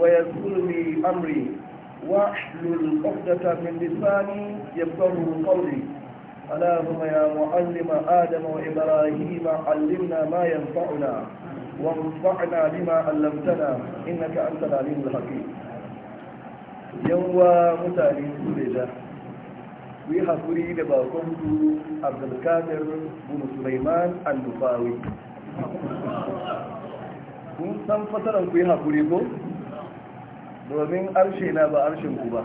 ويذكرني أمري واحلل عقدة من لساني يفقهوا قولي اللهم يا معلم آدم وإبراهيم علمنا ما ينفعنا وانفعنا بما علمتنا إنك أنت العليم الحكيم يوم متعلم سوريجا ويحكوري لباكمت عبد الكافر بن سليمان النفاوي kun san fasaran ku yi haƙuri ko domin arshe na ba arshen ku ba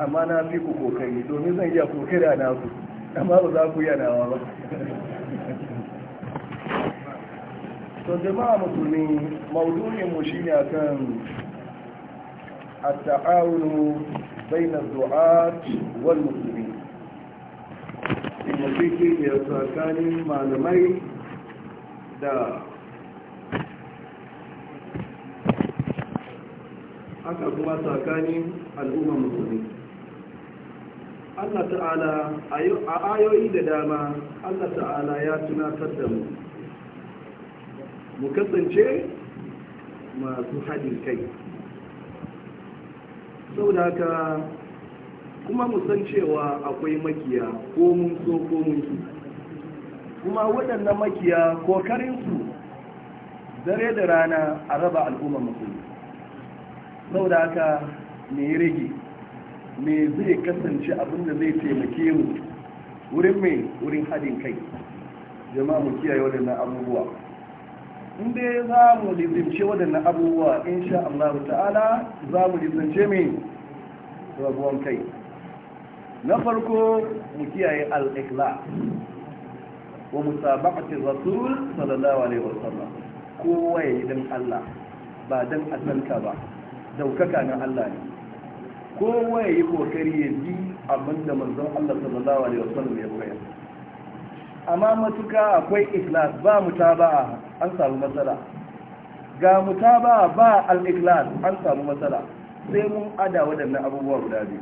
amma na fi ku kokari domin zan iya kokira na ku amma ba za ku yi nawa ba to jama'a musulmi maudu'in mu shine akan at-ta'awun bain ad-du'at wal muslimin in mafiki da tsakanin malamai da aka kuma tsakanin al'ummar musulmi Allah ta'ala a ayoyi da dama Allah ta'ala ya tunatar da mu mu kasance masu haɗin kai sau da haka kuma mu cewa akwai makiya ko mun so ko mun ki kuma waɗannan makiya kokarinsu dare da rana a raba al'ummar musulmi saboda haka me rage me zai kasance abin da zai taimake mu wurin mai wurin haɗin kai jama'a mu kiyaye waɗannan abubuwa in dai za mu lizance waɗannan abubuwa sha Allah ta'ala za mu lizance mai rabuwan kai na farko mu kiyaye al-ikhlas wa musabaqati rasul sallallahu alaihi wasallam kowa ya yi dan Allah ba dan asanka ba daukaka na Allah ne kowa ya yi kokari ya ji abin da manzon Allah sallallahu alaihi wasallam ya koyar amma matuka akwai ikhlas ba mutaba'a an samu matsala ga mutaba'a ba al-ikhlas an samu matsala sai mun ada waɗannan abubuwa guda biyu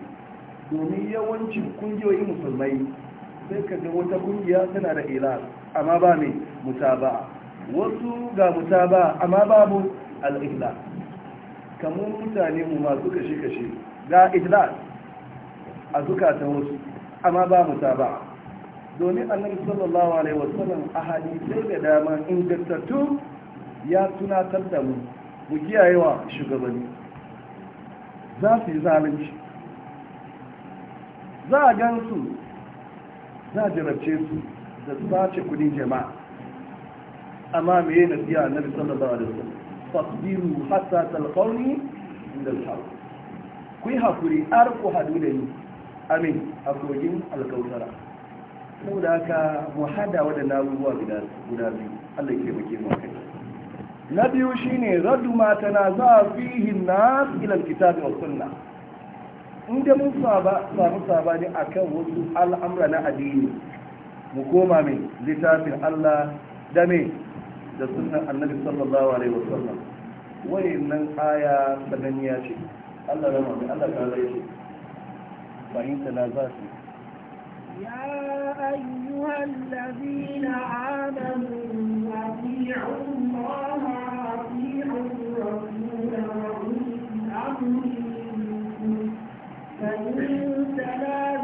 domin yawancin kungiyoyi musulmai sai ka ga wata kungiya tana da ikhlas amma ba mai mutaba'a wasu ga mutaba'a amma babu al-ikhlas kamun mutane mu masu kashe-kashe ga idlas a zukatan wasu amma ba mu saba domin annabi sallallahu alaihi wasallam a hadisai da dama ingantattu ya tunatar da mu mu kiyayewa shugabanni za su yi zalunci za a gan su za a jarabce su da sace kudin jama'a amma me yi nasiya annabi sallallahu alaihi wasallam fasbiru hatta talqawni inda al-haq ku yi hakuri har ku hadu da ni amin a kogin alkautara mu da aka mu hada waɗannan abubuwa guda biyu Allah ke bake mu kai na biyu shine raddu ma tanaza fihi nas ila alkitabi wa sunna inda mun saba saba samu sabani akan wasu al'amura na addini mu koma mai littafin Allah da mai da sunan annabi sallallahu alaihi wasallam wai nan aya da sananniya ce Allah ya mamu Allah ka zai ce fahimta na za su ya أيها الذين amanu أطيعوا الله وأطيعوا الرسول وأولي الأمر فإن تنازعتم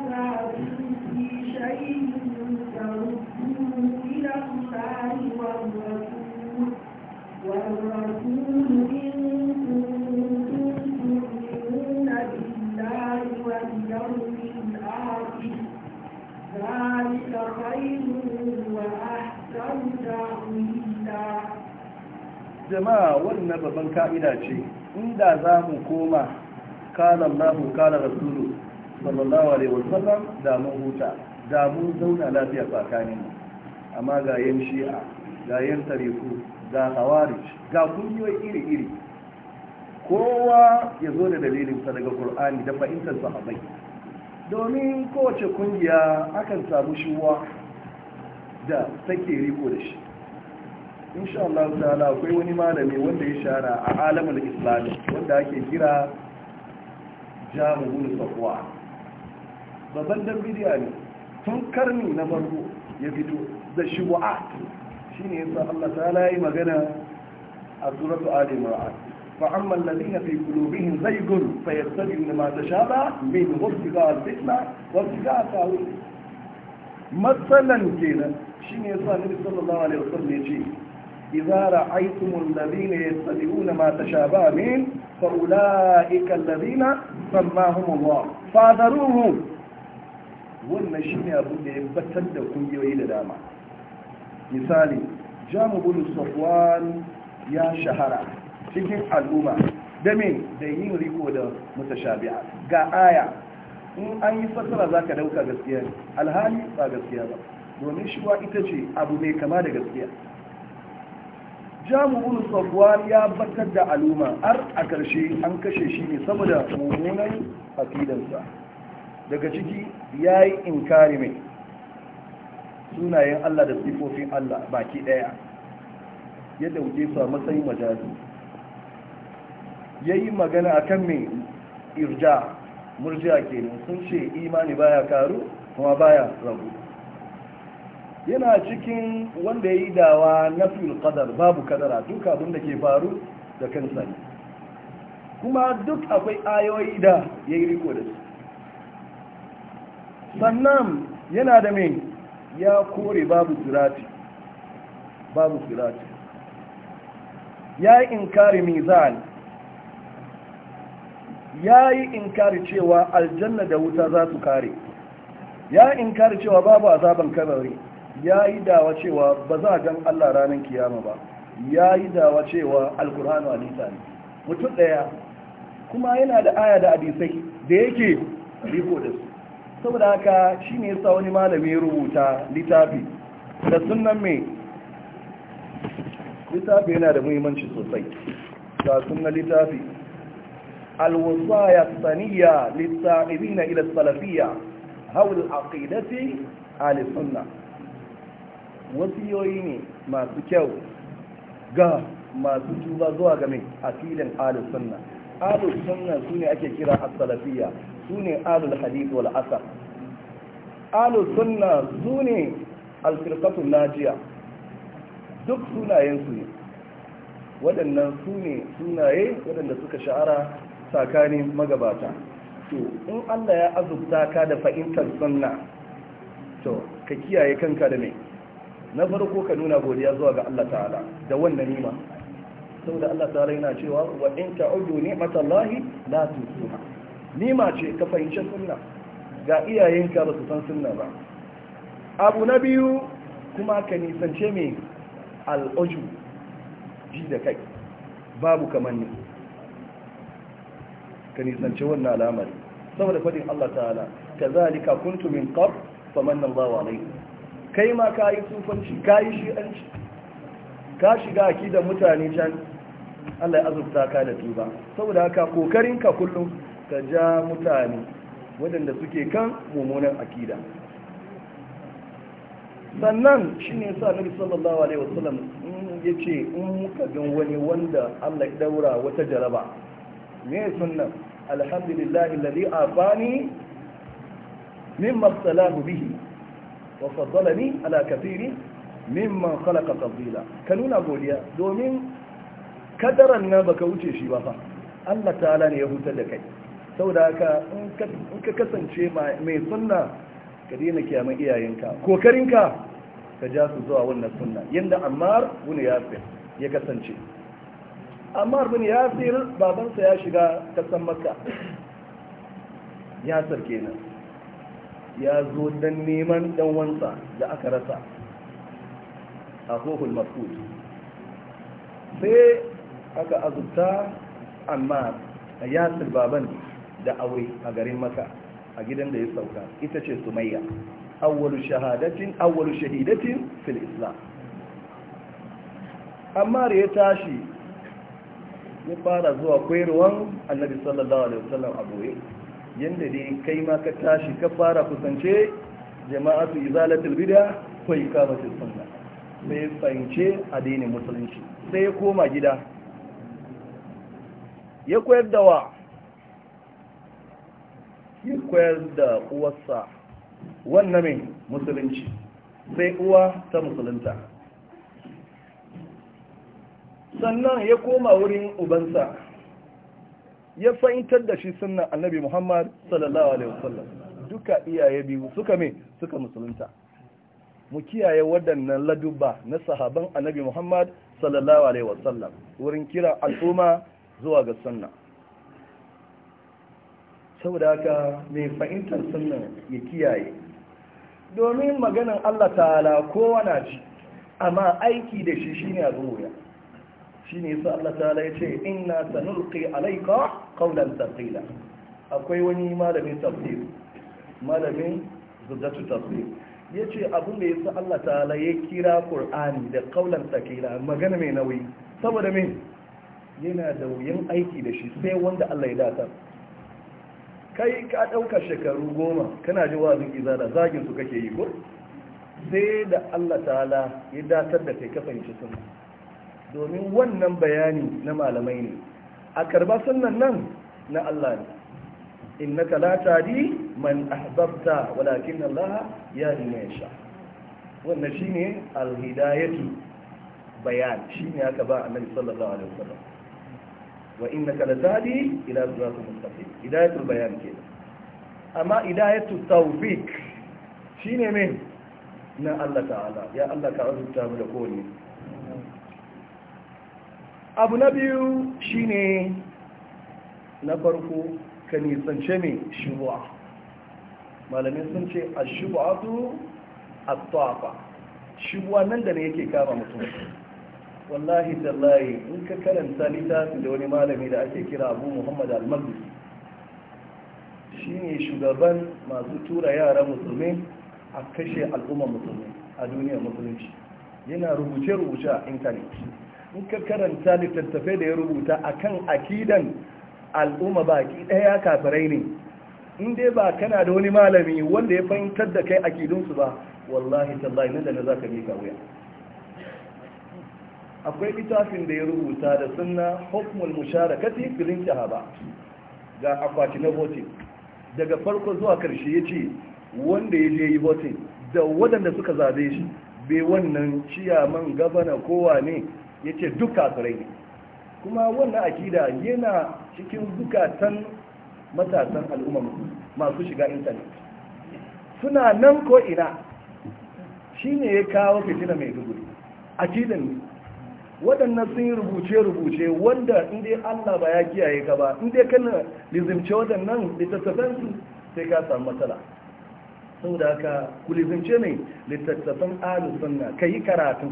jama'a wannan babban ka'ida ce inda za mu koma kala Allahu kala Rasulu sallallahu alaihi wasallam da mun huta da mun zauna lafiya tsakanin mu amma ga yan shi'a ga yan tariku ga hawarij ga kungiyoyi iri-iri kowa ya zo da dalilinsa daga Qur'ani da fahimtar sahabbai domin kowace kungiya akan samu shuwa da take riko da shi insha Allah ta'ala akwai wani malami wanda ya shara a alamul islami wanda ake kira jami'ul safwa babban dan bidiya ne tun karni na farko ya fito da shubu'at shine yasa Allah ta'ala yayi magana a suratu ali imran fa amma alladhina fi qulubihim zaygun fayattabi'una ma tashaba min hubbi al-fitna wa ibtigha'a ta'wil matsalan kenan shi ne yasa nabi sallallahu alaihi wasallam ya ce idza ra'aytumul ladina yattabi'una ma tashabaha min fa ulaika Allah fa daruhu wannan shi ne abu da ya batar da kungiyoyi da dama misali jamu bin safwan ya shahara cikin al'umma da me da yin riko da mutashabiha ga aya in an yi fasara zaka dauka gaskiya alhali ba gaskiya ba domin shubuha ita ce abu mai kama da gaskiya jamu bin ya batar da al'umma har a ƙarshe an kashe shi ne saboda mummunan aqidarsa daga ciki ya yayi inkari mai sunayen Allah da sifofin Allah baki daya yadda wuce a matsayin majazi yi magana a kan mai irja murjiya kenan sun ce imani baya karu kuma baya rabu yana cikin wanda ya yi dawa na fil kadar babu kadara duk abin da ke faru da kansa ne kuma duk akwai ayoyi da ya yi riko da su sannan yana da mai ya kore babu sirati babu sirati ya yi inkari mizan ya yi inkari cewa aljanna da wuta za su kare ya inkari cewa babu azaban kabari ya yi dawa cewa ba za a gan Allah ranar kiyama ba ya yi dawa cewa alkur'anu hadisa ne mutum ɗaya kuma yana da aya da hadisai da yake riko da su saboda haka shi ne yasa wani malami rubuta littafi da sunan mai littafi yana da muhimmanci sosai ga sunan littafi alwasaya saniya na ila salafiya haul aqidati ahli sunnah wasiyoyi ne masu kyau ga masu tuba zuwa ga a filin ahlus sunna ahlus sunna sune ake kira Asalafiya, su sune ahlul hadith wal asar ahlus sunna sune ne najiya duk sunayen su ne waɗannan su ne sunaye waɗanda suka shahara tsakanin magabata to in Allah ya azubta ka da fahimtar sunna to ka kiyaye kanka da mai na farko ka nuna godiya zuwa ga Allah ta'ala da wannan nima saboda Allah ta'ala yana cewa wa in ta'udu ni'matallahi la tusuha nima ce ka fahimci sunna ga iyayenka ba su san sunna ba abu na biyu kuma ka nisance mai al'uju ji da kai babu ni ka nisance wannan alamar saboda fadin Allah ta'ala kazalika kuntu min qabl famanna Allahu alayhi kai ma ka yi tufanci ka yi shi'anci ka shiga aki da mutane can allah ya azurta ka da tuba saboda haka kokarin ka kullum ka ja mutane waɗanda suke kan mummunan akida sannan shi ne sa nabi sallallahu alaihi wasallam ya ce in muka gan wani wanda allah ya daura wata jaraba me sunan alhamdulillah alladhi afani min salahu bihi wa Alakafiri? ala kafiri mimman khalaqa tafdila ka nuna godiya domin kadaran na baka wuce shi ba fa Allah ta'ala ne ya hutar da kai saboda haka in ka kasance mai sunna ka daina kiyama iyayenka kokarinka ka ja su zuwa wannan sunna yanda Ammar bin Yasir ya kasance Ammar bin Yasir babansa ya shiga kasan Makka Yasir kenan ya zo dan neman dan wansa da aka rasa a kohul mafkud sai aka azubta amma a yasir baban da aure a garin maka a gidan da ya sauka ita ce sumayya awwalu shahadatin awwalu shahidatin fil islam amma da ya tashi ya fara zuwa koyarwan annabi sallallahu alaihi wasallam a boye yadda dai kai ma ka tashi ka fara kusance jama'atu izalatul bid'a ko iqamatus sunna sai fahimce addinin musulunci sai ya koma gida ya koyar da wa ya koyar da uwarsa wannan mai musulunci sai uwa ta musulunta sannan ya koma wurin ubansa ya fahimtar da shi sunnan annabi Muhammad sallallahu alaihi wasallam duka iyaye biyu suka me suka musulunta mu kiyaye waɗannan ladubba na sahaban annabi Muhammad sallallahu alaihi wasallam wurin kira al'umma zuwa ga sunna saboda haka mai fahimtar sunnan ya kiyaye domin maganan Allah ta'ala kowa na ji amma aiki da shi shine a zuwa shine yasa Allah ta'ala yace inna sanulqi alayka kaunan tafsila akwai wani malamin tafsir malamin zuzatu tafsir ya ce abin da ya sa Allah ta'ala ya kira ƙur'ani da kaunan tafsila magana mai nauyi saboda min yana da wuyan aiki da shi sai wanda Allah ya datar kai ka ɗauka shekaru goma kana ji wazin izala zagin su kake yi ko sai da Allah ta'ala ya datar da kai kasance sun domin wannan bayani na malamai ne a karba sunnan nan na Allah ne innaka la tadi man ahbabta walakin Allah ya yasha wannan shine alhidayatu bayan shine aka ba a annabi sallallahu alaihi wasallam wa in innaka la tadi ila siratal mustaqim hidayatul bayan ke. amma hidayatu tawfik shine me na Allah ta'ala ya Allah ka azurta mu da kowane. abu na biyu shi ne na farko ka nisance mai shubuwa malamin sun ce a shubuwa su a tsafa shubuwa nan da ne yake kama mutum wallahi tallahi in ka karanta littafi da wani malami da ake kira abu Muhammadu al shi ne shugaban masu tura yara musulmi a kashe al'umma musulmi a duniyar musulunci yana rubuce-rubuce a intanet in ka karanta littattafai da ya rubuta akan akidan al'umma baki ɗaya kafirai ne in dai ba kana da wani malami wanda ya fahimtar da kai akidunsu ba wallahi tallahi nan da na zaka mika wuya akwai littafin da ya rubuta da sunna hukmul musharakati fil ba. ga akwati na voting daga farko zuwa karshe yace wanda ya je yi voting da waɗanda suka zabe shi be wannan ciyaman gabana kowa ne ya ce duk kafirai ne kuma wannan akida yana cikin zukatan matasan al'umma masu shiga intanet suna nan ko ina shi ne ya kawo fitina mai dubu. akidan ne waɗannan sun yi rubuce-rubuce wanda inda Allah ba ya kiyaye ka ba inda na lizimce waɗannan littattafansu sai ka samu matsala da haka ku lizimce mai littattafan alisunna ka yi karatu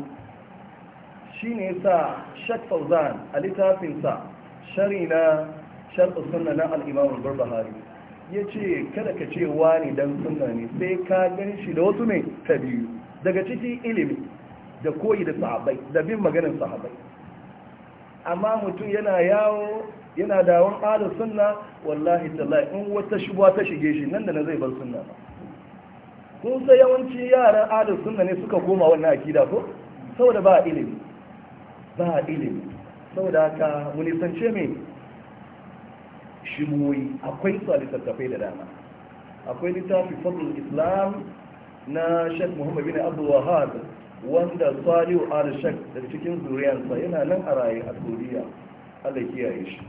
shi ne sa shak fauzan a littafinsa shari na sharɗa suna na al'imamun barbahari ya ce kada ka ce wani dan suna ne sai ka gani shi da wasu ne ta biyu daga ciki ilimi da koyi da sahabai da bin maganin sahabai amma mutum yana yawo yana dawon adar suna, wallahi tallahi in wata shubuwa ta shige shi nan da na zai bar sunna kun sai yawanci yaran adar suna ne suka koma wannan akida ko saboda ba ilimi ba ilimi saboda haka munisance mai shimoyi akwai su a littattafai da dama akwai littafi fadlul islam na shek muhammad bin abdul wahab wanda saliu al shek da cikin zuriyarsa yana nan a raye a saudiya allah kiyaye shi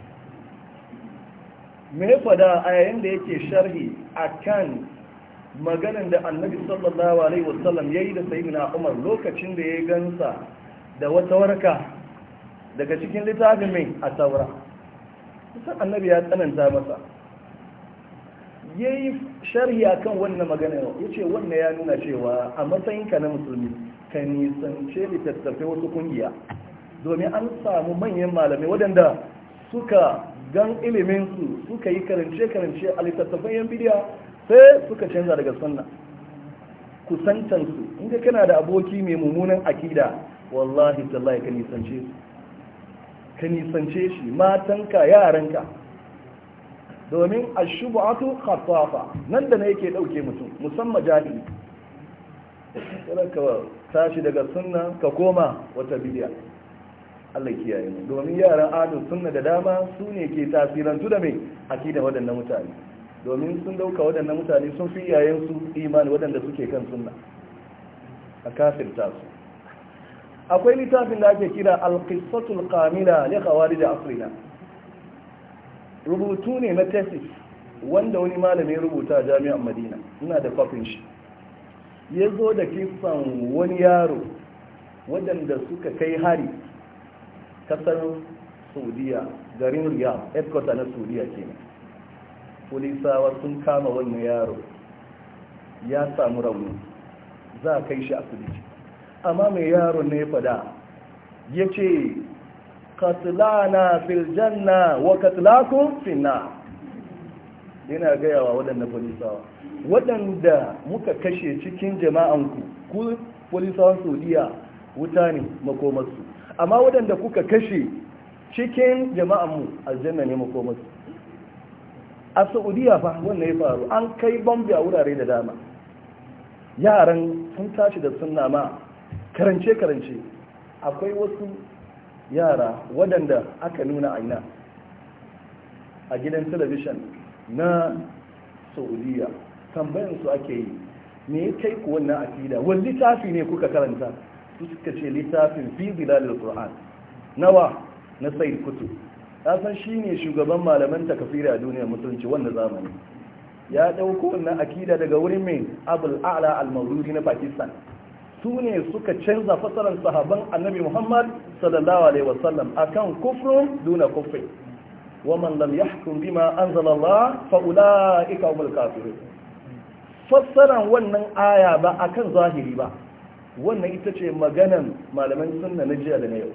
me fada a yayin da yake sharhi akan maganin da annabi sallallahu alaihi wasallam yayi da sayyidina umar lokacin da ya gansa da wata warka daga cikin littafin mai a taura kusan annabi ya tsananta masa ya yi sharhi a kan wannan magana ya ce wannan ya nuna cewa a matsayinka na musulmi ka nisance littattafai wasu kungiya domin an samu manyan malamai waɗanda suka gan iliminsu suka yi karance-karance a littattafan yan bidiya sai suka canza daga sunna kusantansu inda kana da aboki mai mummunan akida wallahi tallahi ka nisance su ka nisance shi matanka yaranka domin a shubatu khatafa nan da na yake ɗauke mutum musamman jahili ka tashi daga sunna ka koma wata bidiya Allah kiyaye mu domin yaran adon sunna da dama su ne ke tasirantu da mai akida waɗannan mutane domin sun dauka waɗannan mutane sun fi iyayensu imani waɗanda suke kan sunna a kafirta su akwai littafin da ake kira alkisatul kamila ne kawari da afirina rubutu ne na tesis wanda wani malamin rubuta a jami'an madina ina da kwafin shi ya zo da kisan wani yaro waɗanda suka kai hari kasar saudiya garin riyadh headquarter na saudiya kenan polisawa sun kama wannan yaro ya samu rauni za a kai shi a asibiti amma mai yaron ne fada ya ce Filjan-na, wa kun finna yana gayawa waɗanda polisawa waɗanda muka kashe cikin jama'anku ku polisawan saudiya wuta ne makomarsu amma waɗanda kuka kashe cikin jama'anmu aljanna ne makomarsu a saudiya fa wannan ya faru an kai bambi a wurare da dama yaran sun tashi da sunna ma karance-karance akwai wasu yara waɗanda aka nuna aina a gidan talabijin na saudiya tambayin su ake yi me ya kai ku wannan akida wani littafi ne kuka karanta su suka ce littafin fi zilalil qur'an nawa na sai kutu ya san shi ne shugaban malaman takafiri a duniyar musulunci wanda zamani ya dauko wannan akida daga wurin mai abul a'la al mazuri na pakistan su ne suka canza fasarar sahaban annabi muhammad sallallahu alaihi wasallam akan kufrun duna kufri wa man lam yahkum bima anzalallah fa ulaika humul kafirun fasaran wannan aya ba akan zahiri ba wannan ita ce maganan malaman sunna na jiya da na yau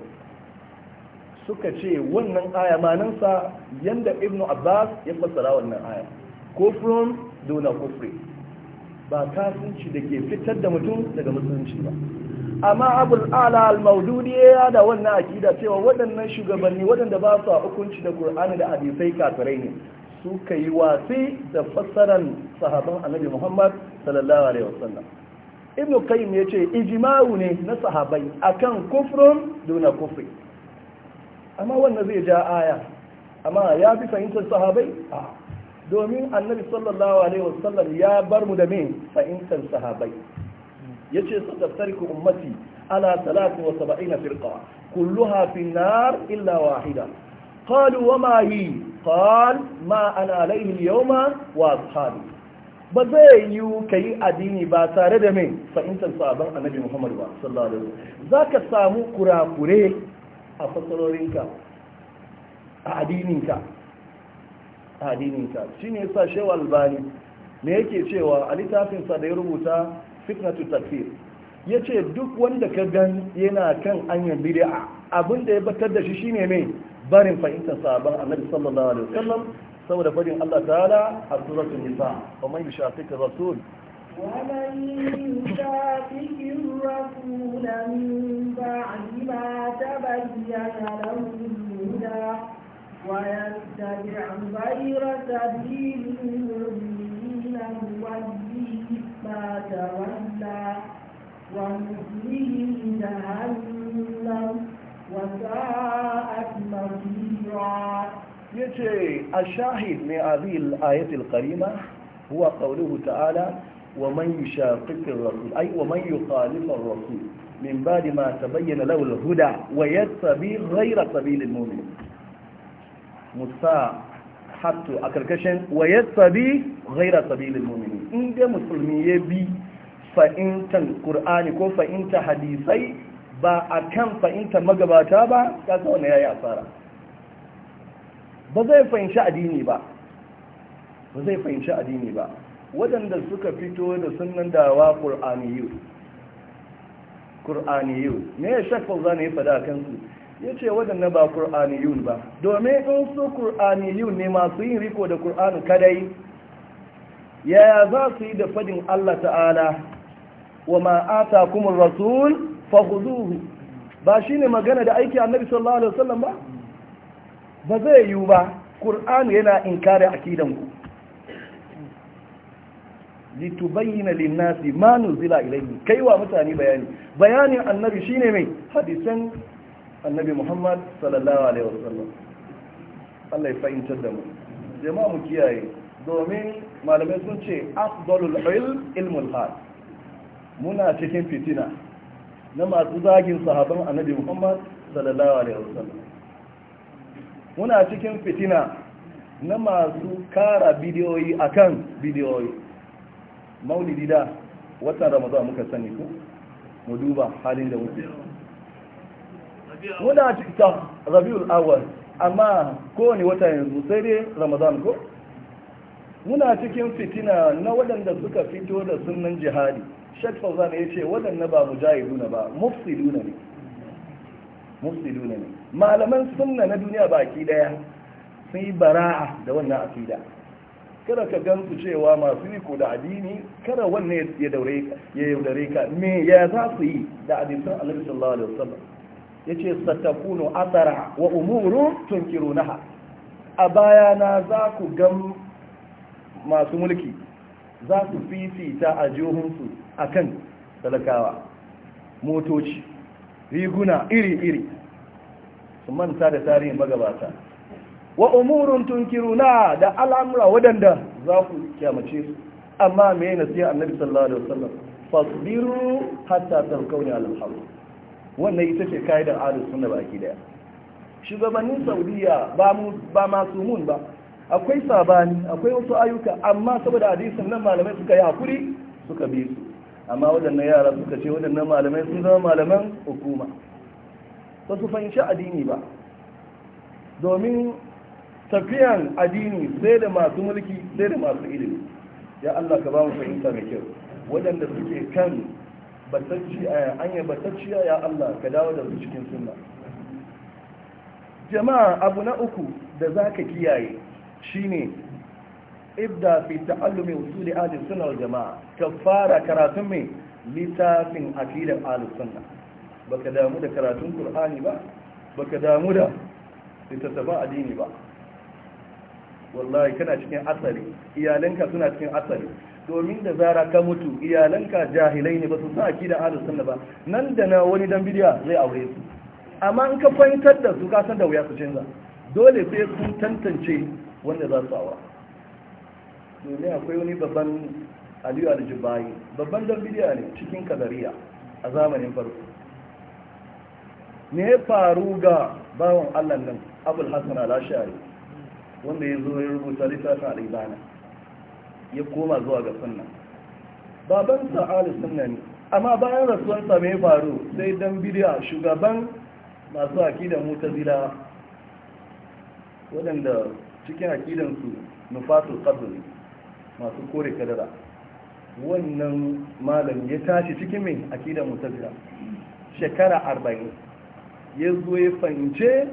suka ce wannan aya manansa yanda ibnu abbas ya fassara wannan aya kufrun duna kufri ba kafinci da ke fitar da mutum daga musulunci ba amma abul ala al-maududi ya da wannan akida cewa waɗannan shugabanni waɗanda ba su hukunci da qur'ani da hadisai kafirai ne suka yi wasi da fassaran sahaban annabi muhammad sallallahu alaihi wasallam ibnu qayyim ce, ijma'u ne na sahabai akan kufrun duna kufri amma wannan zai ja aya amma ya fi fahimtar sahabai a'a domin annabi sallallahu alaihi wasallam ya bar mu da man fahimtar sahabai ya ce sadattarku ummati ana talatu wa saba'ina firqa kulluha fi nar illa wahida qalu wa ma hi qal ma ana alayhi yawma wa ashabi ba zai yi kai addini ba tare da me fa'intan sahabban annabi muhammad ba zaka samu kurakure a fasalorinka a addininka tarihinsa shi ne sa shewa albani ne yake cewa a littafinsa da ya rubuta fitnatu tafsir ya ce duk wanda ka gan yana kan anyan bid'a abin da ya batar da shi shine mai barin fahimta sabon annabi sallallahu alaihi wasallam saboda fadin Allah ta'ala a suratul nisa wa man yushaqiq rasul ومن الرسول من بعد ما تبين له الهدى ويتبع غير سبيل المؤمنين نوليه ما تولى ونصليه جهنم وساءت مصيرا يتي الشاهد من هذه الآية الكريمة هو قوله تعالى ومن يشاقق الرسول أي ومن يخالف الرسول من بعد ما تبين له الهدى ويتبع غير سبيل المؤمنين musa hatu a karkashin wayar sabi ghaira sabilin mumini inda musulmi ya bi fa'intan Kur'ani ko fa'inta hadisai ba a kan fa'inta magabata ba ya wani ya yayi asara ba zai fahimci addini ba ba zai fahimci addini ba waɗanda suka fito da sunan dawa Kur'ani yau, ne ya shakfa za ne fada kansu ya ce waɗanda ba ƙur'aniyun ba domin in su ƙur'aniyun ne masu yin riko da ƙur'ani kadai yaya za su yi da faɗin Allah ta'ala wa ma'ata kuma rasul fahuzuhu ba shi ne magana da aiki a annabi sallallahu alaihi wasallam ba ba zai yiwu ba ƙur'ani yana inkari akidanku litubayyana linnasi ma nuzila ilayhi kai wa mutane bayani bayanin annabi shine mai hadisan annabi muhammad sallallahu alaihi wasallam Allah ya fahimtar da mu jama'a mu kiyaye domin malamai sun ce afdalul ilm ilmul hal muna cikin fitina na masu zagin sahaban annabi muhammad sallallahu alaihi wasallam muna cikin fitina na masu kara bidiyoyi akan bidiyoyi maulidi da watan ramadan muka sani ku mu duba halin da muke muna cikin rabiul awal amma kowane wata yanzu sai dai ramadan ko muna cikin fitina na waɗanda suka fito da sunan jihadi shek fauzan ya ce waɗanda ba mu nuna ba mufsi ne ne malaman sunna na duniya baki daya sun yi bara'a da wannan akida kada ka gansu cewa masu riko da addini kada wannan ya daure ka me ya za su yi da hadisin alaihi sallallahu alaihi wasallam Ya ce satakunu asara wa umuru tunkirunaha a bayana za ku ga masu mulki za su fifita a jihunsu akan talakawa motoci riguna iri-iri su manta da tarihin magabata wa umurun tunkiruna da al'amura waɗanda za ku kyamace su amma mai nasiya annabi sallallahu alaihi wasallam fasbiru hatta talqauni al wannan ita ce ka'idar ahlus sunna baki daya shugabannin saudiya ba mu ba mun ba akwai sabani akwai wasu ayyuka amma saboda hadisin nan malamai suka yi hakuri suka bi su amma waɗannan yara suka ce waɗannan malamai sun zama malaman hukuma ba su fahimci addini ba domin tafiyan addini sai da masu mulki sai da masu ilimi ya Allah ka ba mu fahimta mai kyau waɗanda suke kan Eh, anya batacciya ya Allah ka dawo da su cikin sunna jama'a abu na uku da za ka kiyaye shine ibda fi ta'allumi usuli ahli sunna wal jama'a ka fara karatun mai littafin aqidar ahli sunna baka damu da karatun qur'ani ba baka damu da littattafan addini ba wallahi kana cikin asali iyalanka suna cikin asali domin da zara ka mutu iyalan ka jahilai ne ba su sa da ahlus sunna ba nan da na wani dan bidiya zai aure su amma in ka fahimtar da su ka san da wuya su canza dole sai sun tantance wanda za su aura domin akwai wani babban aliyu aljubayi babban dan bidiya ne cikin kadariya a zamanin farko ne faru ga bawan allah nan abul hasan al-ashari wanda ya zo ya rubuta littafin al-ibana ya koma zuwa ga sunna baban sa sunna ne amma bayan rasuwan sa mai faru sai dan bid'a shugaban masu akidar mutazila waɗanda cikin akidan su nufatul qadr masu kore kadara wannan malam ya tashi cikin mai akidar mutazila shekara arba'in ya zo ya fahimce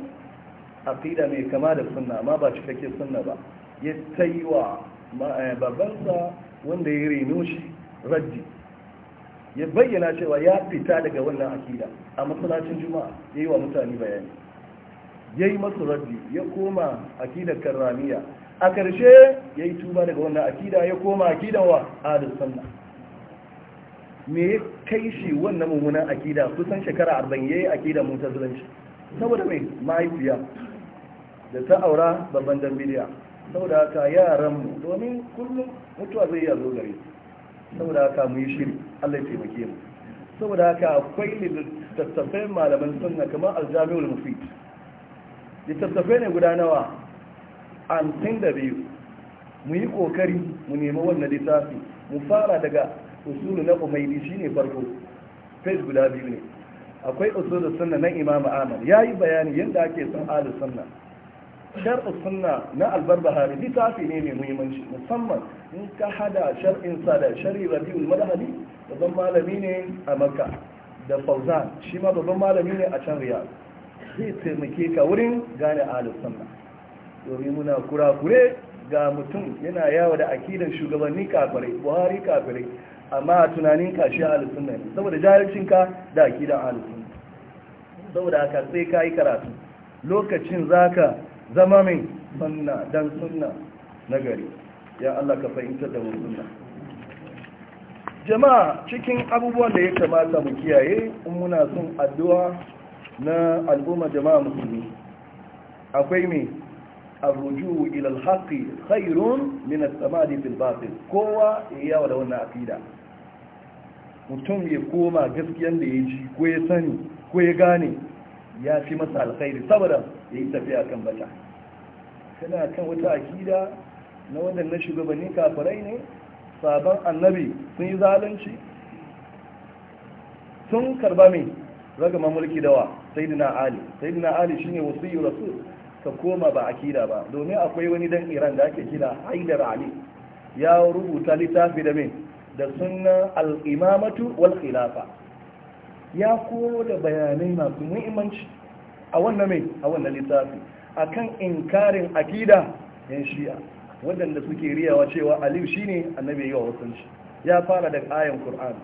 akida mai kama da sunna amma ba cikakken sunna ba ya taiwa eh, babansa wanda ya reno shi raddi ya bayyana cewa ya fita daga wannan akida a matsalacin juma'a ya yi wa mutane bayani ya yi masu raddi ya koma akidar karramiya a ƙarshe ya yi tuba daga wannan akida ya koma akidan wa adal sannan me ya kai shi wannan mummunan akida kusan shekara arba'in ya yi ta mutazilanci saboda mai mahaifiya da ta aura babban dambiliya. saboda haka yaranmu domin kullum mutuwa zai iya zo gare saboda haka mu yi shiri Allah ya taimake mu saboda haka akwai littattafai malaman sunna kamar aljami'ul mufid littattafai ne guda nawa an tun da biyu mu yi kokari mu nemi wannan littafi mu fara daga usulu na umaidi shine farko page guda biyu ne akwai usulu sunna na imam ahmad yayi bayani yadda ake san ahlus sunna shar'u sunna na albarbahari littafi ne mai muhimmanci musamman in ka hada shar'in sa da shari'i rabiul madhali babban malami ne a makka da fauzan shi ma babban malami ne a can riyad zai taimake ka wurin gane ahlus sunna domin muna kure-kure ga mutum yana yawo da akidan shugabanni kafare buhari kafare amma tunanin ka shi ahlus sunna ne saboda jahilcin ka da akidan ahlus sunna saboda haka sai ka yi karatu lokacin zaka zama mai sunna dan sunna na gari ya Allah ka fahimtar da mu sunna jama'a cikin abubuwan da ya kamata mu kiyaye in muna son addu'a na al'umma jama'a musulmi akwai mai arruju ila alhaqi khairun min as-samadi batil kowa ya da wannan akida mutum ya koma gaskiyan da ya ji ko ya sani ko ya gane ya fi masa alkhairi saboda ya yi tafiya kan bata suna kan wata akida na waɗannan shugabanni kafirai ne sabon annabi sun yi zalunci sun karba mai ragama mulki dawa dina ali dina ali shi ne wasu yi rasu ka koma ba akida ba domin akwai wani dan iran da ake kira haidar ali ya rubuta littafi da mai da sunan al-imamatu wal khilafa ya koro da bayanai masu muhimmanci a wannan mai a wannan littafi akan inkarin akida yan shi'a waɗanda suke riyawa cewa aliyu shine annabi yawa wasanci ya fara da ayan qur'an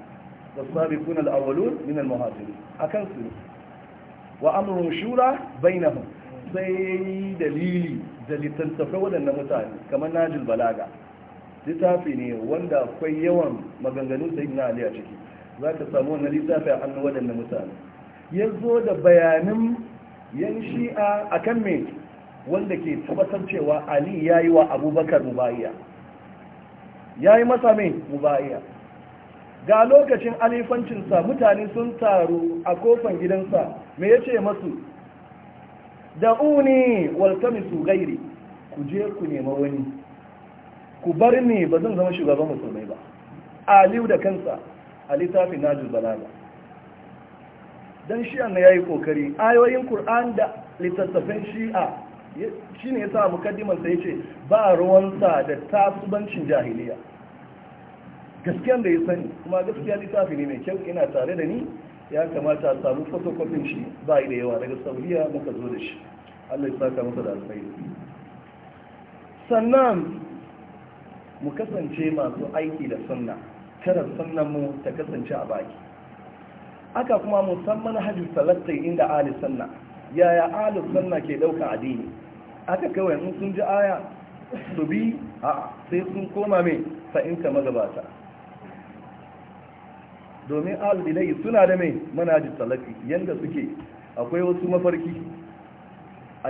wasabiquna al-awwalun min al-muhajirin akan su wa amrun shura bainahum sai dalili da littattafai waɗannan mutane kamar najil balaga littafi ne wanda akwai yawan maganganun sai ali a ciki za ka samu wannan littafi a hannu waɗannan mutane ya zo da bayanin yan shi'a a kan me wanda ke tabbatar cewa ali ya yi wa abubakar mubayiya ya yi masa mai mubayya ga lokacin alifancinsa mutane sun taru a kofan gidansa me ya ce masu da uni waltamisu gairi ku je ku nema wani ku bar ni ba zan zama shugaban musulmai ba aliyu da kansa a littafin najul balaga dan shi ne yayi kokari ayoyin Qur'an da littattafan shi'a shine yasa mukaddiman sai yace ba ruwansa da tasubancin jahiliya gaskiyan da ya sani kuma gaskiya littafi ne mai kyau ina tare da ni ya kamata a samu fotokofin shi ba da yawa daga saudiya muka zo da shi allah ya saka masa da alfairi sannan mu kasance masu aiki da sunna kada sunnan mu ta kasance a baki haka kuma musamman hajji salatai inda Ali sanna. yaya Ali sanna ke dauka addini aka kawai in sun ji aya su bi a sai sun koma mai fa'inka magabata domin albilai suna da mai manajin salafi yadda suke akwai wasu mafarki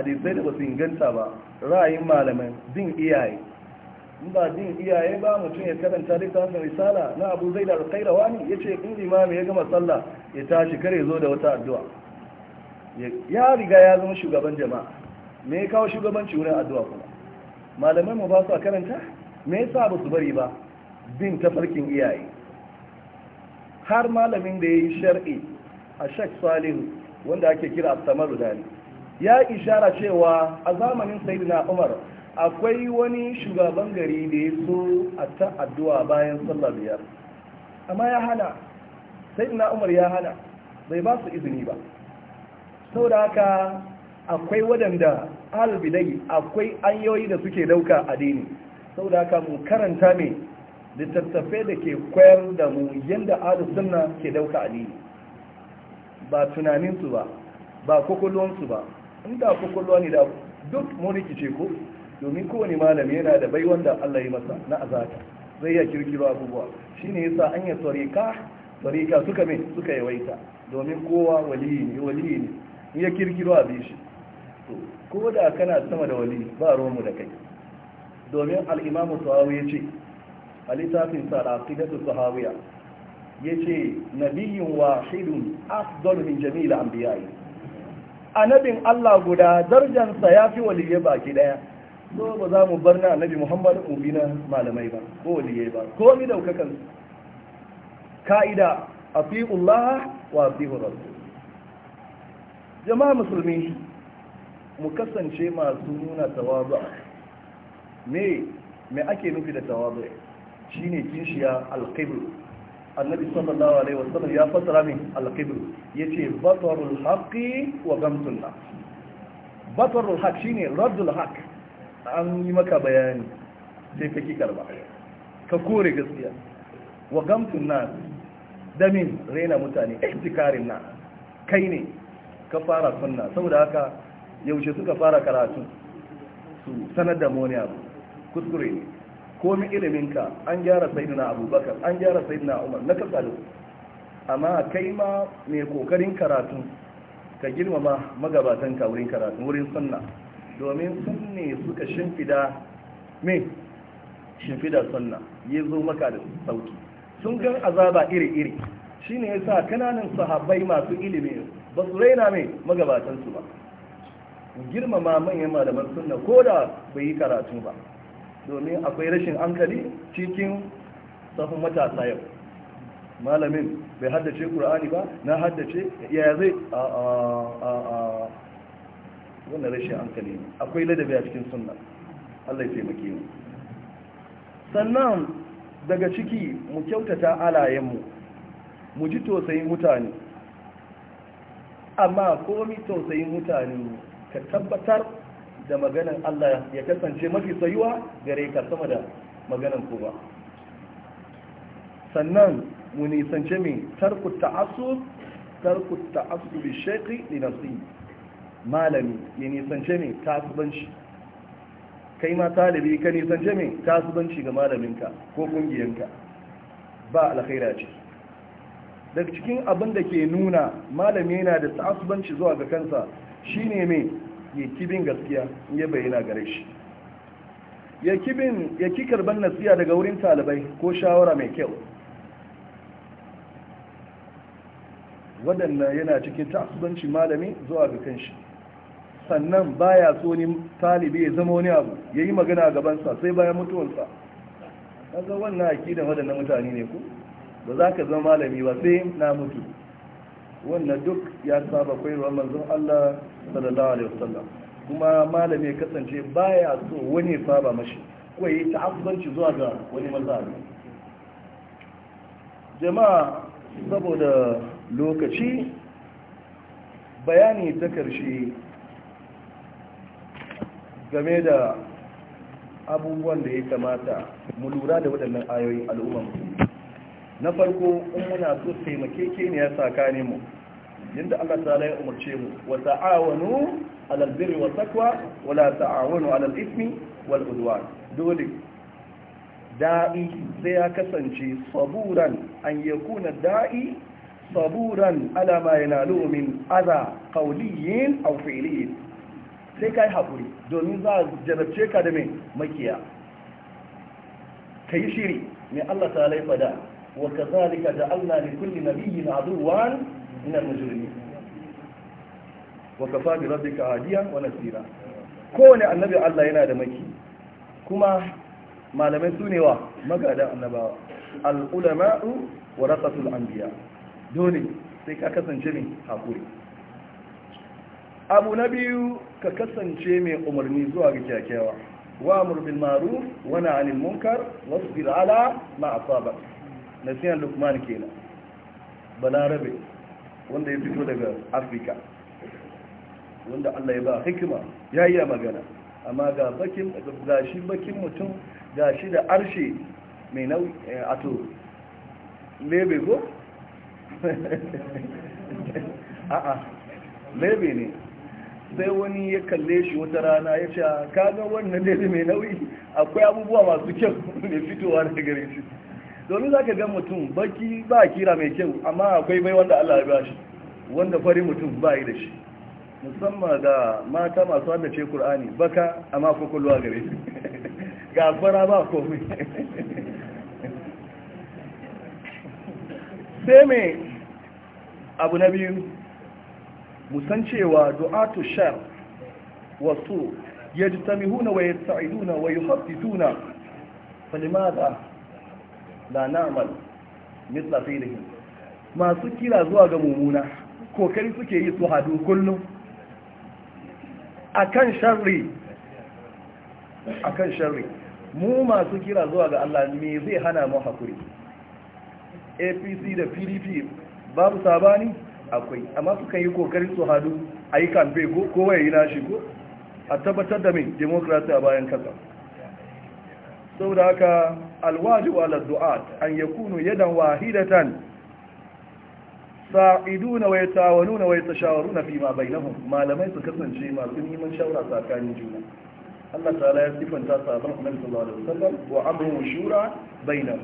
a da basu inganta ba ra'ayin malaman jin iyaye in ba jin iyaye ba mutum ya karanta littafin risala na abu zai da alkhairawa ne ya ce in limami ya gama sallah ya tashi kare zo da wata addu'a ya riga ya zama shugaban jama'a me ya kawo shugabanci wurin addu'a kuma malamai mu ba su a karanta me ya sa ba su bari ba bin ta tafarkin iyaye har malamin da ya yi shar'i a shek salim wanda ake kira samaru dani ya ishara cewa a zamanin na umar akwai wani shugaban gari da ya so a ta addu'a bayan sallar biyar amma ya hana sai na umar ya hana bai ba su izini ba sau da haka akwai waɗanda albidai akwai anyoyi da suke dauka a dini sau da haka mu karanta mai littattafai da ke koyar da mu yadda alisunna ke dauka a dini ba tunaninsu ba ba kwakwalwansu ba inda kwakwalwa ne da duk mun rikice ku? domin kowane malami yana da bai wanda allah ya masa na azata zai ya kirkiro abubuwa Shi shine yasa an yi ka barika suka mai suka yawaita domin kowa waliyi ne waliyi ne ya kirkiro a bishi ko da kana sama da wali ba romu da kai domin al'imamu sahawi ya ce alitafin littafin sa'adatu sahawiya ya ce nabiyin wa shidun afdolin jamila an biyayi annabin allah guda darjansa ya fi waliye baki daya so ba za mu bar na annabi muhammadu ubina malamai ba ko waliye ba ko mi daukakan ka'ida a fi'ullah wa fi fi'ullah jama'a musulmi mu kasance masu nuna tawazu me me ake nufi da tawazu shine kishiya alqibl annabi sallallahu alaihi wasallam ya fasara min ya ce batarul haƙi wa gamtun nas batarul shi ne raddul haqq an yi maka bayani sai ki karba ka kore gaskiya wa gamtun nas damin rena mutane iftikarin na kai ne ka fara sunna saboda haka yaushe suka fara karatu su sanar da moniya kuskure ne komi iliminka an gyara sayyidina abubakar an gyara sayyidina umar na kasalu amma kai ma mai kokarin karatu ka girmama magabatan ka wurin karatu wurin sunna domin sun ne suka shimfida mai shimfida sunna ya zo maka da sauki sun gan azaba iri-iri shi ne ya sa kananan sahabbai masu ilimi ba su raina mai magabatansu ba girmama manyan malaman suna ko da bai yi karatu ba domin akwai rashin hankali cikin safin matasa yau malamin bai haddace ƙur'ani ba na haddace yaya zai a a rashin hankali akwai ladabi a cikin suna. Allah ya taimake mu sannan daga ciki mu kyautata alayenmu mu ji tausayin mutane amma komi tausayin mutane ka tabbatar da maganan Allah ya kasance mafi tsayuwa gare ka sama da maganan ba. sannan mu nisance mai tarku ta'assub tarku ta'assub bi shayqi malami ya nisance mai tasubanci kai ma talibi ka nisan jami kasuwanci ga malaminka ko kungiyanka ba alkhaira ce daga cikin abin da ke nuna malami yana da ta'asubanci zuwa ga kansa shine mai ya kibin gaskiya ya bayyana gare shi ya kibin ya ki karban nasiya daga wurin talibai ko shawara mai kyau wadanda yana cikin ta'asubanci malami zuwa ga kanshi sannan baya so ni talibi ya zama wani abu ya yi magana a gabansa sai bayan mutuwarsa kaga wannan akidan waɗannan mutane ne ku ba za ka zama malami ba sai na mutu wannan duk ya saba ruwan manzon Allah sallallahu alaihi wasallam kuma malami ya kasance baya so wani saba mashi ko yi ta'azzubanci zuwa ga wani mazhabi jama'a saboda lokaci bayani ta karshe game da abubuwan da ya kamata mu lura da waɗannan ayoyin al'umma na farko in muna so ke ne ya saka ne mu yadda Allah ta ya umarce mu wa ta'awanu alal birri wa taqwa wa la ta'awanu alal ismi wal udwan dole da'i sai ya kasance saburan an yakuna da'i saburan alama yana yanalu aza, adha qawliyin sai ka yi haƙuri domin za a jarabce ka da mai makiya ka yi shiri mai Allah ta laifa da wa zalika da Allah ne kulli nabiyyin na ina na wa ka fa rabbi ka hadiya wani tsira kowane annabi Allah yana da maki kuma malamai su ne wa magada annabawa al ulama'u an anbiya dole sai ka kasance mai haƙuri abu na biyu ka kasance mai umarni zuwa ga kyakkyawa wa amur bil ma'ruf wa nahy anil munkar sabir ala ma asaba nasiyan lukman kenan balarabe wanda ya fito daga afirka wanda Allah ya ba hikima ya yi magana amma ga bakin ga shi bakin mutum ga shi da arshe mai nau'i eh, ato lebe go a'a lebe ne sai wani ya kalle shi wata rana ya ce kaga wannan da mai nauyi akwai abubuwa masu kyau mai fitowa daga gare shi domin za ka ga mutum baki ba kira mai kyau amma akwai bai wanda Allah ya ba shi wanda fari mutum ba yi da shi musamman ga mata masu wanda ce Kur'ani baka amma ko gare shi ga fara ba komai sai mai abu na biyu musan cewa du'atu shar wasu yajtamihuna wa yasta'iduna wa yuhaddithuna falimada la na'mal mithla fi'lihim masu kira zuwa ga mumuna kokari suke yi su hadu kullum akan sharri akan sharri mu masu kira zuwa ga Allah me zai hana mu hakuri APC da PDP babu sabani akwai amma sukan yi kokarin su hadu a yi kamfe ko kowa ya yi nashi ko a tabbatar da mai demokrasi a bayan kasa Sau da haka alwaji wa laddu'at an ya kunu yadan wahidatan tawanu na waya tashawaru na fi ma nahu. malamai su kasance masu neman shawara tsakanin juna Allah ta'ala ya sifanta sabon Annabi sallallahu alaihi wasallam wa amru shura bainahum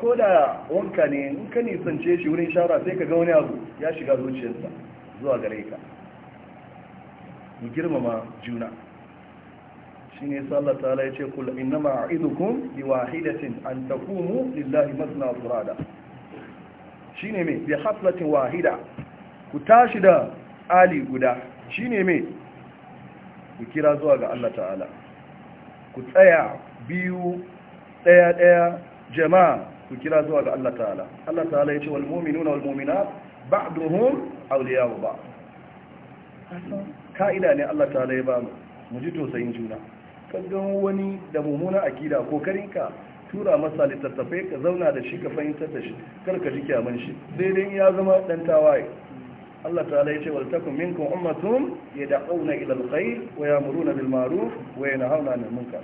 ko da wanka ne in ka nisance shi wurin shara sai ka ga wani abu ya shiga zuciyarsa zuwa gare ka mu girmama juna shi ne sallar ta ya ce kula innama a idukun bi wahidatin an takumu lillahi masna furada shi ne mai bi haflatin wahida ku tashi da ali guda shi ne mai ku kira zuwa ga Allah ta'ala ku tsaya biyu ɗaya-ɗaya jama'a ku kira zuwa ga Allah ta'ala Allah ta'ala ya ce wal mu'minuna wal mu'minat ba'duhum awliya'u ba ka'ida ne Allah ta'ala ya ba mu mu ji tosayin juna kan wani da mummuna akida kokarin ka tura masa littattafai ka zauna da shi ka fahimtar da shi kar ka ji kyaman shi daidai ya zama dan tawaye Allah ta'ala ya ce wal takum minkum ummatun yad'una ila alkhair wa ya'muruna bil ma'ruf wa yanhauna 'anil munkar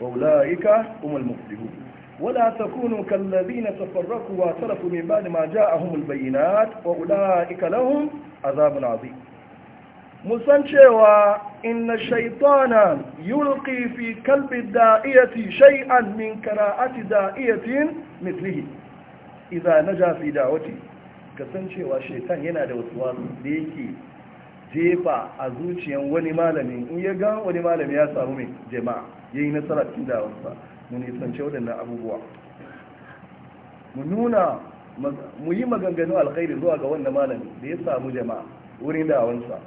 wa ulaika humul muflihun ولا تكونوا كالذين تفرقوا واعترفوا من بعد ما جاءهم البينات وأولئك لهم عذاب عظيم مسنشوا إن الشيطان يلقي في قلب الدائية شيئا من كراءة دائية مثله إذا نجا في دعوته kasancewa shaitan yana da wasu wasu da yake jefa a zuciyan wani malami in ya ga wani malami ya samu mai jama'a ya yi nasara cikin dawarsa mu nisanci waɗannan abubuwa mu nuna mu yi maganganu alkhairi zuwa ga wanda malami da ya samu jama'a wurin dawansa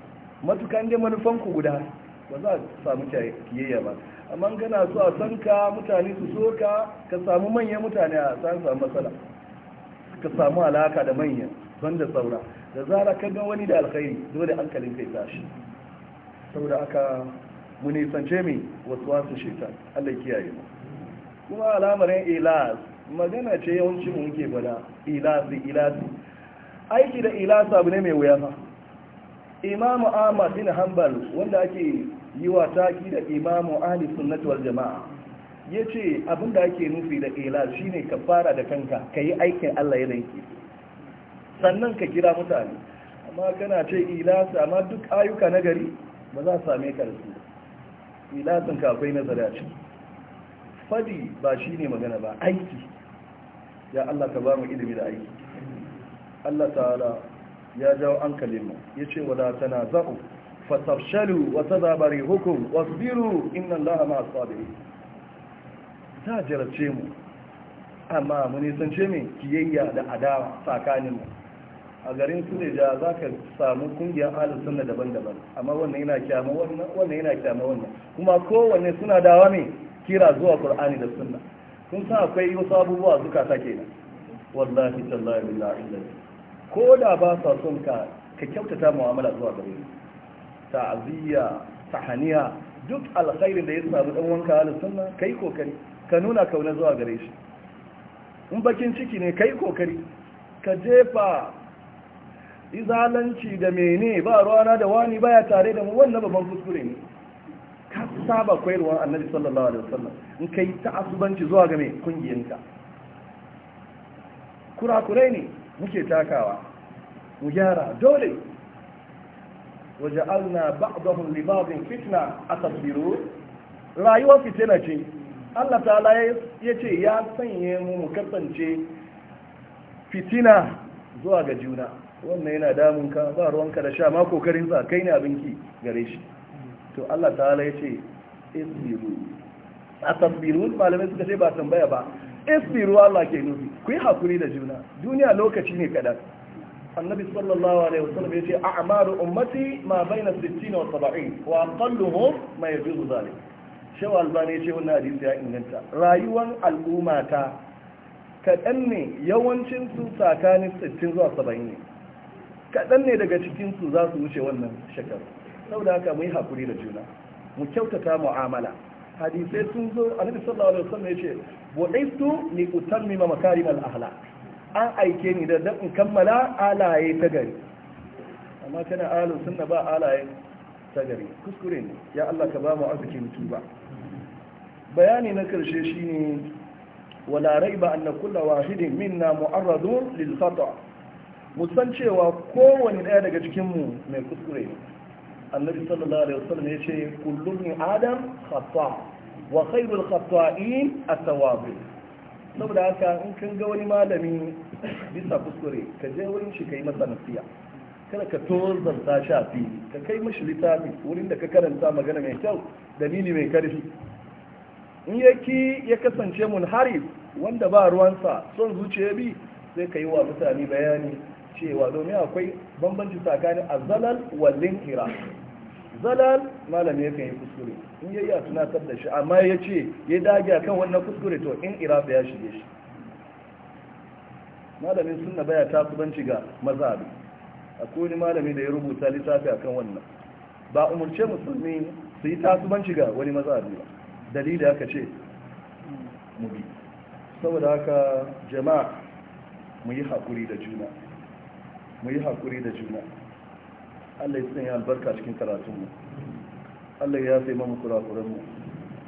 matukan da manufanku guda ba za a samu kiyayya ba amma gana so a san ka mutane su so ka ka samu manyan mutane a san samu matsala ka samu alaka da manyan da saura da zara ka ga wani da alkhairi dole hankalin kai tashi saboda aka mu nisance mai wasu wasu shekaru, Allah kiyaye mu kuma alamarin ilas magana ce yawanci mu muke bada ilasi ilasi aiki da ilasa abu ne mai wuya fa imamu ahmad bin hanbal wanda ake yi wa taki da imamu ahli sunnati wal jama'a yace da ake nufi da ilas shine ka fara da kanka kai aikin Allah ya danki, sannan ka kira mutane amma kana ce ilasa amma duk ayyuka na gari ba za su same ka da su ilasin kafai na ce fadi ba shi ne magana ba aiki ya Allah ka ba mu ilimi da aiki Allah ta'ala ya jawo an kalima ya ce wa tana za'u Fasafshalu, wata zabari hukum wasbiru inna Allah ma Za ta jarabce mu amma mu nisance mai kiyayya da adawa tsakanin mu a garin su ne ja za ka samu kungiyar halin suna daban-daban amma wannan yana kyama wannan wannan kuma kowanne suna dawa ne kira zuwa qur'ani da sunna kun san akwai wasu abubuwa zukata kenan wallahi tallahi billahi ko da ba sa son ka ka kyautata mu'amala zuwa gare ni ta'ziya tahaniya duk alkhairin da ya samu dan wanka ahlus sunna kai kokari ka nuna kauna zuwa gare shi in bakin ciki ne kai kokari ka jefa izalanci da mene ba ruwana da wani baya tare da mu wannan babban kuskure ne saba koyarwar annabi sallallahu alaihi wasallam in kai ta asubanci zuwa ga mai kungiyanka kurakurai ne muke takawa mu gyara dole waje alna ba'dahu li ba'din fitna atasbiru rayuwar fitina ce Allah ta'ala ya ce ya sanye mu mu kasance fitina zuwa ga juna wannan yana damun ka, ba ruwanka da sha ma kokarin sa kai ne abinki gare shi to Allah ta'ala ya ce isbiru a tasbiru malamai suka ce ba tambaya ba isbiru Allah ke nufi ku yi hakuri da juna duniya lokaci ne kadan annabi sallallahu alaihi wasallam ya ce a'malu ummati ma baina 60 wa 70 wa aqalluhum ma yajuzu zalik shehu albani ya ce wannan hadisi ya inganta rayuwar al'umma ta kaɗan ne yawancin su tsakanin 60 zuwa 70 ne kaɗan ne daga cikin su za su wuce wannan shekaru saboda haka mu yi hakuri da juna mu kyautata mu'amala hadisai sun zo annabi sallallahu alaihi wasallam yace bu'aitu li utammima makarim al-akhlaq an aike ni da dan in kammala alaye ta gari amma kana alu sunna ba alaye ta gari kuskure ne ya Allah ka ba mu arzikin tuba bayani na karshe shine wala raiba anna kullu wahidin minna mu'arradun lil khata' musan cewa kowane daya daga cikin mu mai kuskure annabi sallallahu alaihi wasallam ya ce kullum ni adam khata wa khairul khata'in at saboda haka in kan ga wani malami bisa kuskure ka je wurin shi kai masa nasiya kada ka tozarta ta shafi ka kai mashi littafi wurin da ka karanta magana mai kyau dalili mai karfi in yaki ya kasance harif wanda ba ruwansa son zuciya bi sai ka yi wa mutane bayani cewa domin akwai bambanci tsakanin azalal wa linkira zalal malami ya yi kuskure in yayi a tunatar da shi amma ya ce ya dage kan wannan kuskure to in irafa ya shige shi malamin sunna baya ta kubanci ga mazhabi akwai wani malami da ya rubuta littafi akan wannan ba umurce musulmi su yi kubanci ga wani mazhabi ba dalili aka ce mu bi saboda haka jama'a mu yi haƙuri da juna mu yi haƙuri da juna Allah ya sanya albarka cikin karatunmu Allah ya sai mamu kurakuranmu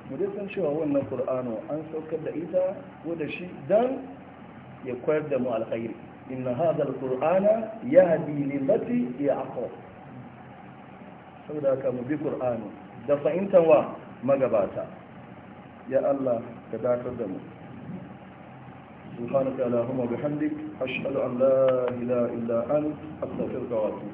mu dai san cewa wannan Qur'ano an saukar da ita ko da shi dan ya koyar da mu alkhairi inna hadha alqur'ana yahdi lillati hiya aqwa saboda ka mu bi Qur'ano da fahimtar wa magabata ya Allah ka dakatar da mu سبحانك اللهم وبحمدك أشهد أن لا إله إلا أنت أستغفرك وأتوب